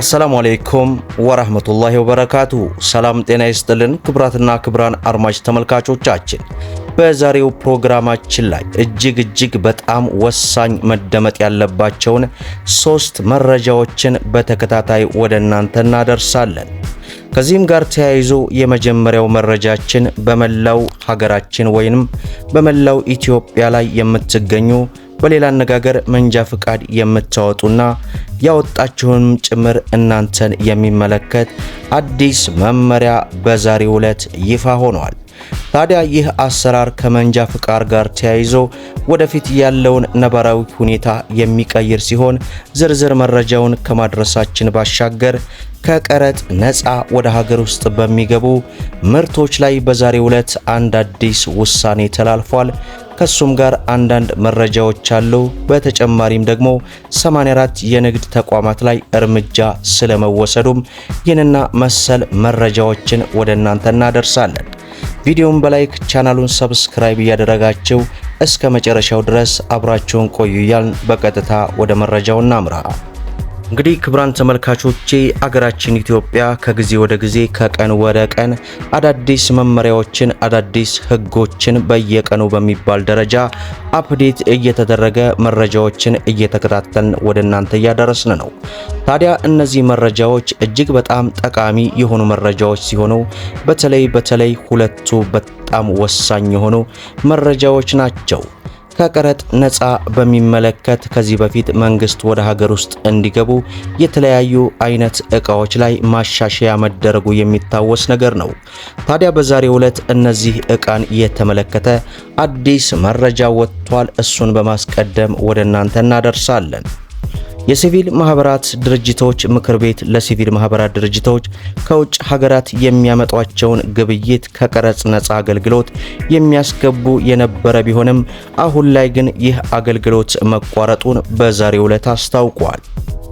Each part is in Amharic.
አሰላሙ አሌይኩም ወረህመቱላሂ ወበረካቱሁ። ሰላም ጤና ይስጥልን ክብራትና ክብራን አድማጭ ተመልካቾቻችን በዛሬው ፕሮግራማችን ላይ እጅግ እጅግ በጣም ወሳኝ መደመጥ ያለባቸውን ሶስት መረጃዎችን በተከታታይ ወደ እናንተ እናደርሳለን። ከዚህም ጋር ተያይዞ የመጀመሪያው መረጃችን በመላው ሀገራችን ወይንም በመላው ኢትዮጵያ ላይ የምትገኙ በሌላ አነጋገር መንጃ ፍቃድ የምታወጡና ያወጣችሁን ጭምር እናንተን የሚመለከት አዲስ መመሪያ በዛሬው ዕለት ይፋ ሆኗል። ታዲያ ይህ አሰራር ከመንጃ ፍቃድ ጋር ተያይዞ ወደፊት ያለውን ነባራዊ ሁኔታ የሚቀይር ሲሆን ዝርዝር መረጃውን ከማድረሳችን ባሻገር ከቀረጥ ነፃ ወደ ሀገር ውስጥ በሚገቡ ምርቶች ላይ በዛሬው ዕለት አንድ አዲስ ውሳኔ ተላልፏል። ከሱም ጋር አንዳንድ መረጃዎች አሉ። በተጨማሪም ደግሞ 84 የንግድ ተቋማት ላይ እርምጃ ስለመወሰዱም ይህንና መሰል መረጃዎችን ወደ እናንተ እናደርሳለን። ቪዲዮውን በላይክ ቻናሉን ሰብስክራይብ እያደረጋችሁ እስከ መጨረሻው ድረስ አብራችሁን ቆዩ እያልን በቀጥታ ወደ መረጃው እናምራ። እንግዲህ ክቡራን ተመልካቾቼ አገራችን ኢትዮጵያ ከጊዜ ወደ ጊዜ ከቀን ወደ ቀን አዳዲስ መመሪያዎችን አዳዲስ ሕጎችን በየቀኑ በሚባል ደረጃ አፕዴት እየተደረገ መረጃዎችን እየተከታተልን ወደ እናንተ እያደረስን ነው። ታዲያ እነዚህ መረጃዎች እጅግ በጣም ጠቃሚ የሆኑ መረጃዎች ሲሆኑ በተለይ በተለይ ሁለቱ በጣም ወሳኝ የሆኑ መረጃዎች ናቸው። ከቀረጥ ነፃ በሚመለከት ከዚህ በፊት መንግስት ወደ ሀገር ውስጥ እንዲገቡ የተለያዩ አይነት እቃዎች ላይ ማሻሻያ መደረጉ የሚታወስ ነገር ነው። ታዲያ በዛሬው ዕለት እነዚህ እቃን የተመለከተ አዲስ መረጃ ወጥቷል። እሱን በማስቀደም ወደ እናንተ እናደርሳለን። የሲቪል ማህበራት ድርጅቶች ምክር ቤት ለሲቪል ማህበራት ድርጅቶች ከውጭ ሀገራት የሚያመጧቸውን ግብይት ከቀረጽ ነፃ አገልግሎት የሚያስገቡ የነበረ ቢሆንም አሁን ላይ ግን ይህ አገልግሎት መቋረጡን በዛሬው ዕለት አስታውቋል።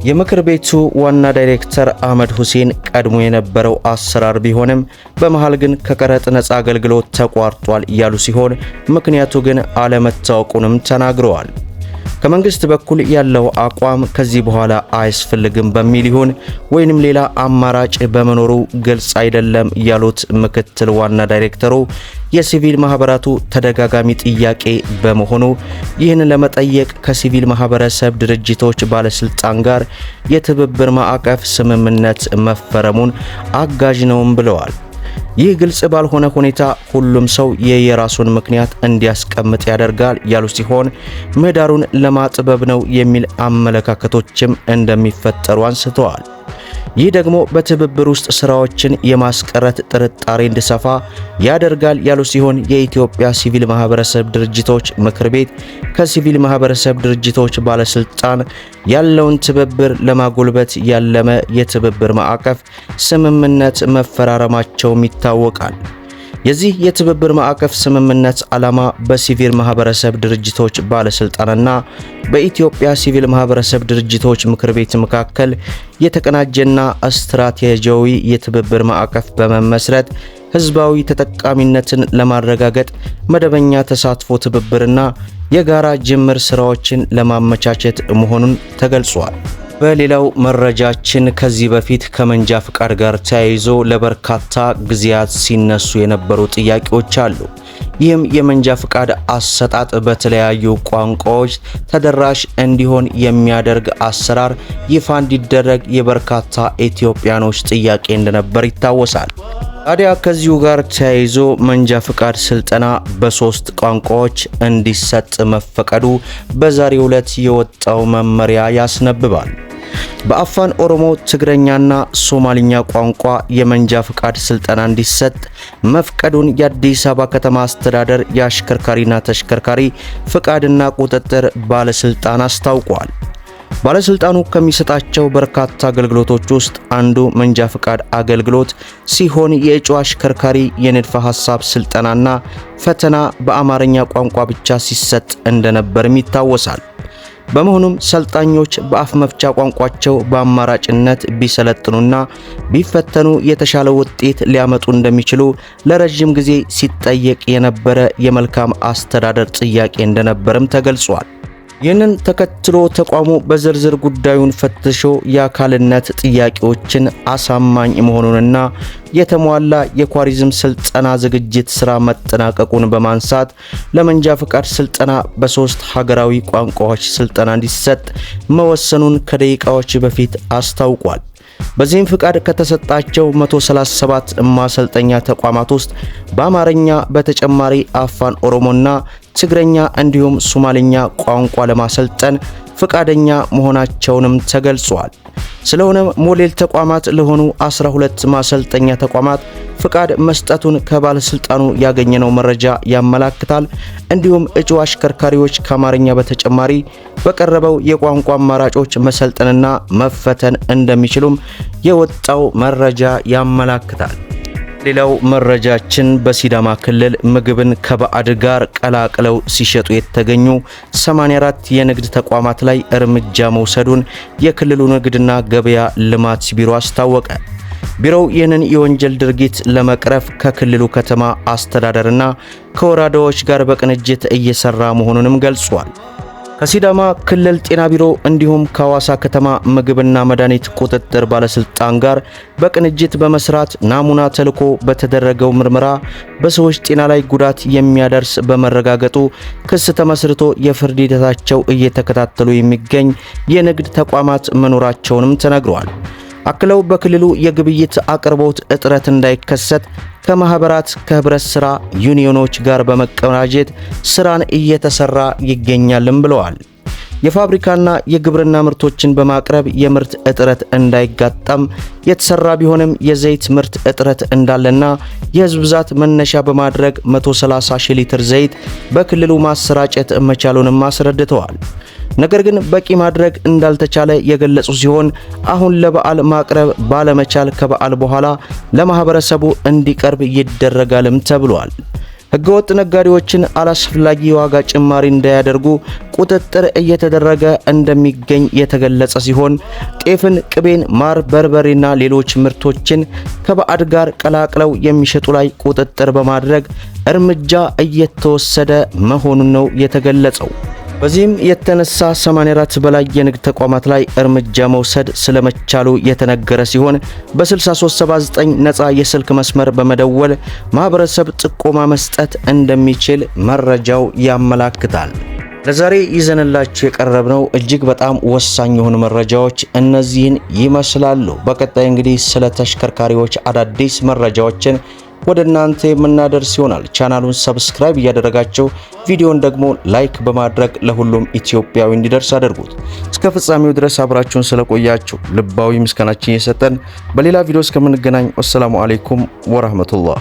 የምክር ቤቱ ዋና ዳይሬክተር አህመድ ሁሴን ቀድሞ የነበረው አሰራር ቢሆንም በመሃል ግን ከቀረጥ ነፃ አገልግሎት ተቋርጧል ያሉ ሲሆን ምክንያቱ ግን አለመታወቁንም ተናግረዋል። ከመንግስት በኩል ያለው አቋም ከዚህ በኋላ አያስፈልግም በሚል ይሁን ወይንም ሌላ አማራጭ በመኖሩ ግልጽ አይደለም ያሉት ምክትል ዋና ዳይሬክተሩ የሲቪል ማህበራቱ ተደጋጋሚ ጥያቄ በመሆኑ ይህን ለመጠየቅ ከሲቪል ማህበረሰብ ድርጅቶች ባለስልጣን ጋር የትብብር ማዕቀፍ ስምምነት መፈረሙን አጋዥ ነውም ብለዋል። ይህ ግልጽ ባልሆነ ሁኔታ ሁሉም ሰው የየራሱን ምክንያት እንዲያስቀምጥ ያደርጋል ያሉ ሲሆን ምህዳሩን ለማጥበብ ነው የሚል አመለካከቶችም እንደሚፈጠሩ አንስተዋል። ይህ ደግሞ በትብብር ውስጥ ስራዎችን የማስቀረት ጥርጣሬ እንዲሰፋ ያደርጋል ያሉ ሲሆን የኢትዮጵያ ሲቪል ማህበረሰብ ድርጅቶች ምክር ቤት ከሲቪል ማህበረሰብ ድርጅቶች ባለስልጣን ያለውን ትብብር ለማጎልበት ያለመ የትብብር ማዕቀፍ ስምምነት መፈራረማቸውም ይታወቃል። የዚህ የትብብር ማዕቀፍ ስምምነት ዓላማ በሲቪል ማህበረሰብ ድርጅቶች ባለስልጣንና በኢትዮጵያ ሲቪል ማህበረሰብ ድርጅቶች ምክር ቤት መካከል የተቀናጀና ስትራቴጂያዊ የትብብር ማዕቀፍ በመመስረት ህዝባዊ ተጠቃሚነትን ለማረጋገጥ መደበኛ ተሳትፎ፣ ትብብርና የጋራ ጅምር ስራዎችን ለማመቻቸት መሆኑን ተገልጿል። በሌላው መረጃችን ከዚህ በፊት ከመንጃ ፍቃድ ጋር ተያይዞ ለበርካታ ጊዜያት ሲነሱ የነበሩ ጥያቄዎች አሉ። ይህም የመንጃ ፍቃድ አሰጣጥ በተለያዩ ቋንቋዎች ተደራሽ እንዲሆን የሚያደርግ አሰራር ይፋ እንዲደረግ የበርካታ ኢትዮጵያኖች ጥያቄ እንደነበር ይታወሳል። ታዲያ ከዚሁ ጋር ተያይዞ መንጃ ፍቃድ ስልጠና በሶስት ቋንቋዎች እንዲሰጥ መፈቀዱ በዛሬው ዕለት የወጣው መመሪያ ያስነብባል። በአፋን ኦሮሞ ትግረኛና ሶማሊኛ ቋንቋ የመንጃ ፍቃድ ስልጠና እንዲሰጥ መፍቀዱን የአዲስ አበባ ከተማ አስተዳደር የአሽከርካሪና ተሽከርካሪ ፍቃድና ቁጥጥር ባለስልጣን አስታውቋል። ባለስልጣኑ ከሚሰጣቸው በርካታ አገልግሎቶች ውስጥ አንዱ መንጃ ፍቃድ አገልግሎት ሲሆን የእጩ አሽከርካሪ የንድፈ ሐሳብ ስልጠናና ፈተና በአማርኛ ቋንቋ ብቻ ሲሰጥ እንደነበርም ይታወሳል። በመሆኑም ሰልጣኞች በአፍ መፍቻ ቋንቋቸው በአማራጭነት ቢሰለጥኑና ቢፈተኑ የተሻለ ውጤት ሊያመጡ እንደሚችሉ ለረዥም ጊዜ ሲጠየቅ የነበረ የመልካም አስተዳደር ጥያቄ እንደነበረም ተገልጿል። ይህንን ተከትሎ ተቋሙ በዝርዝር ጉዳዩን ፈትሾ የአካልነት ጥያቄዎችን አሳማኝ መሆኑንና የተሟላ የኳሪዝም ስልጠና ዝግጅት ስራ መጠናቀቁን በማንሳት ለመንጃ ፍቃድ ስልጠና በሶስት ሀገራዊ ቋንቋዎች ስልጠና እንዲሰጥ መወሰኑን ከደቂቃዎች በፊት አስታውቋል። በዚህም ፍቃድ ከተሰጣቸው 137 ማሰልጠኛ ተቋማት ውስጥ በአማርኛ በተጨማሪ አፋን ኦሮሞና ትግረኛ እንዲሁም ሶማሊኛ ቋንቋ ለማሰልጠን ፈቃደኛ መሆናቸውንም ተገልጿል። ስለሆነም ሞዴል ተቋማት ለሆኑ 12 ማሰልጠኛ ተቋማት ፍቃድ መስጠቱን ከባለስልጣኑ ያገኘነው መረጃ ያመላክታል። እንዲሁም እጩ አሽከርካሪዎች ከአማርኛ በተጨማሪ በቀረበው የቋንቋ አማራጮች መሰልጠንና መፈተን እንደሚችሉም የወጣው መረጃ ያመላክታል። ሌላው መረጃችን በሲዳማ ክልል ምግብን ከባዕድ ጋር ቀላቅለው ሲሸጡ የተገኙ 84 የንግድ ተቋማት ላይ እርምጃ መውሰዱን የክልሉ ንግድና ገበያ ልማት ቢሮ አስታወቀ። ቢሮው ይህንን የወንጀል ድርጊት ለመቅረፍ ከክልሉ ከተማ አስተዳደርና ከወረዳዎች ጋር በቅንጅት እየሰራ መሆኑንም ገልጿል። ከሲዳማ ክልል ጤና ቢሮ እንዲሁም ከሐዋሳ ከተማ ምግብና መድኃኒት ቁጥጥር ባለስልጣን ጋር በቅንጅት በመስራት ናሙና ተልኮ በተደረገው ምርመራ በሰዎች ጤና ላይ ጉዳት የሚያደርስ በመረጋገጡ ክስ ተመስርቶ የፍርድ ሂደታቸው እየተከታተሉ የሚገኝ የንግድ ተቋማት መኖራቸውንም ተነግሯል። አክለው በክልሉ የግብይት አቅርቦት እጥረት እንዳይከሰት ከማህበራት ከህብረት ስራ ዩኒዮኖች ጋር በመቀናጀት ስራን እየተሰራ ይገኛልም ብለዋል። የፋብሪካና የግብርና ምርቶችን በማቅረብ የምርት እጥረት እንዳይጋጠም የተሰራ ቢሆንም የዘይት ምርት እጥረት እንዳለና የህዝብ ብዛት መነሻ በማድረግ 130 ሺህ ሊትር ዘይት በክልሉ ማሰራጨት መቻሉንም አስረድተዋል። ነገር ግን በቂ ማድረግ እንዳልተቻለ የገለጹ ሲሆን አሁን ለበዓል ማቅረብ ባለመቻል ከበዓል በኋላ ለማህበረሰቡ እንዲቀርብ ይደረጋልም ተብሏል። ህገወጥ ነጋዴዎችን አላስፈላጊ ዋጋ ጭማሪ እንዳያደርጉ ቁጥጥር እየተደረገ እንደሚገኝ የተገለጸ ሲሆን ጤፍን፣ ቅቤን፣ ማር፣ በርበሬና ሌሎች ምርቶችን ከበዓድ ጋር ቀላቅለው የሚሸጡ ላይ ቁጥጥር በማድረግ እርምጃ እየተወሰደ መሆኑን ነው የተገለጸው። በዚህም የተነሳ 84 በላይ የንግድ ተቋማት ላይ እርምጃ መውሰድ ስለመቻሉ የተነገረ ሲሆን በ6379 ነፃ የስልክ መስመር በመደወል ማህበረሰብ ጥቆማ መስጠት እንደሚችል መረጃው ያመላክታል። ለዛሬ ይዘንላችሁ የቀረብነው እጅግ በጣም ወሳኝ የሆኑ መረጃዎች እነዚህን ይመስላሉ። በቀጣይ እንግዲህ ስለ ተሽከርካሪዎች አዳዲስ መረጃዎችን ወደ እናንተ የምናደርስ ይሆናል። ቻናሉን ሰብስክራይብ እያደረጋቸው ቪዲዮን ደግሞ ላይክ በማድረግ ለሁሉም ኢትዮጵያዊ እንዲደርስ አድርጉት። እስከ ፍጻሜው ድረስ አብራችሁን ስለቆያችሁ ልባዊ ምስጋናችን እየሰጠን በሌላ ቪዲዮ እስከምንገናኝ ወሰላሙ አሌይኩም ወራህመቱላህ